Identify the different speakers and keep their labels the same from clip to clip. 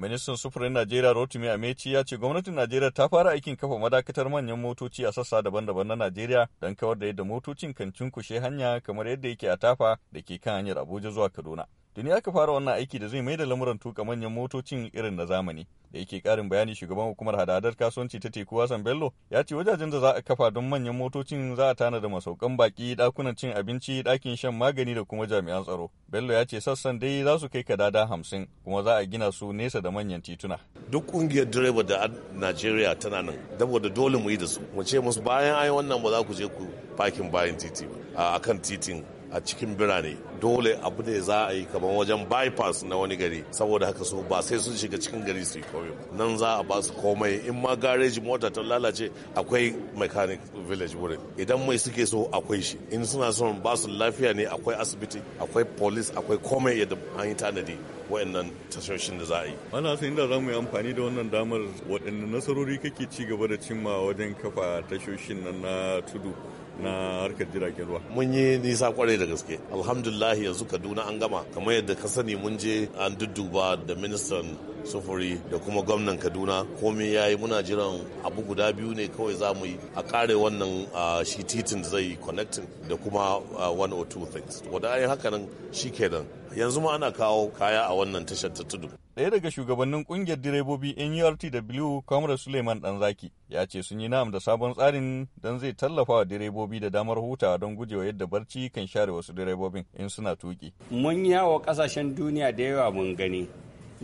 Speaker 1: Ministan Sufurin Najeriya Rotimi ameci ya ce gwamnatin Najeriya ta fara aikin kafa madakatar manyan motoci a sassa daban-daban na Najeriya don kawar da yadda motocin kan cunkushe hanya kamar yadda yake a tafa da ke kan hanyar Abuja zuwa Kaduna. ya aka fara wannan aiki da zai mai da lamuran tuka manyan motocin irin na zamani. Da yake karin bayani shugaban hukumar hadadar kasuwanci ta teku wasan Bello ya ce wajajen da za a kafa don manyan motocin za a tanada masaukan baki, dakunan cin abinci, dakin shan magani da kuma jami'an tsaro. Bello ya ce sassan dai za su kai kadada hamsin kuma za a gina su nesa
Speaker 2: da manyan tituna. Duk kungiyar direba da Najeriya tana nan, saboda dole mu yi da su. Mu ce musu bayan ayi wannan ba za ku je ku fakin bayan titi ba. A kan titin a cikin birane dole abu ne za a yi kamar wajen bypass na wani gari saboda haka su ba sai sun shiga cikin gari su yi komai nan za a ba su komai in ma gareji mota ta lalace akwai mechanic village wurin idan mai suke so akwai shi in suna son ba su lafiya ne akwai asibiti akwai police akwai komai yadda an yi tanadi waɗannan tashoshin da za a yi.
Speaker 1: Ana sai inda za mu yi amfani da wannan damar waɗanne nasarori kake ci gaba da cimma wajen kafa
Speaker 2: tashoshin nan na tudu na harkar jiragen ruwa mun yi nisa kwarai da gaske alhamdulillah yanzu kaduna an gama kamar yadda ka sani mun je an dudduba da ministan sufuri da kuma gwamnan kaduna komai ya yi muna jiran abu guda biyu ne kawai za mu yi a kare wannan shi titin zai yi connecting da kuma one two things wadda ayin haka nan shi kenan yanzu ma ana kawo kaya a wannan tashar ta tudu
Speaker 1: daya daga shugabannin ƙungiyar direbobi da nurtw kwamar suleiman danzaki ya ce sun yi na'am da sabon tsarin don zai tallafa wa direbobi da damar hutawa don gujewa yadda barci kan share wasu direbobin
Speaker 3: in suna tuki mun yawo kasashen duniya da yawa mun gani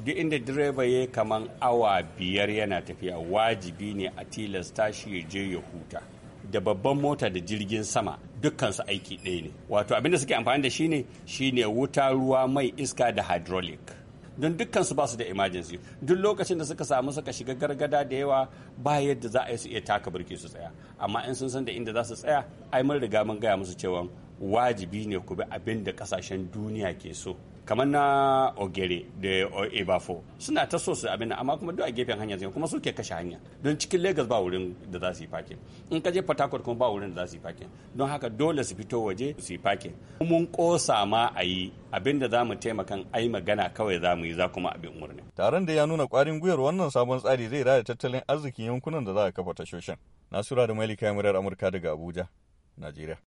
Speaker 3: duk inda direba ya yi kaman awa biyar yana tafiya wajibi ne a tilasta shi ya je ya huta da babban mota da jirgin sama dukkansu aiki ɗaya ne wato abin da suke amfani da shi ne shi ne wuta ruwa mai iska da hydraulic don dukkansu ba su da emergency duk lokacin da suka samu suka shiga gargada da yawa ba yadda za a yi su iya taka birki su tsaya amma in sun san da inda za su tsaya ai mun riga mun gaya musu cewa wajibi ne ku bi abin da kasashen duniya ke so kamar na ogere da ebafo suna ta so su abin amma kuma duk a gefen hanya zai kuma suke kashe hanya don cikin lagos ba wurin da za su yi fakin in ka je port kuma ba wurin da za su yi fakin don haka dole su fito waje su yi fakin mun kosa ma a yi abin da za mu taimaka ai magana kawai za mu yi za kuma abin murna. taron da
Speaker 1: ya nuna kwarin gwiwar wannan sabon tsari zai rada tattalin arzikin yankunan da za a kafa tashoshin nasura da mailika murar amurka daga abuja najeriya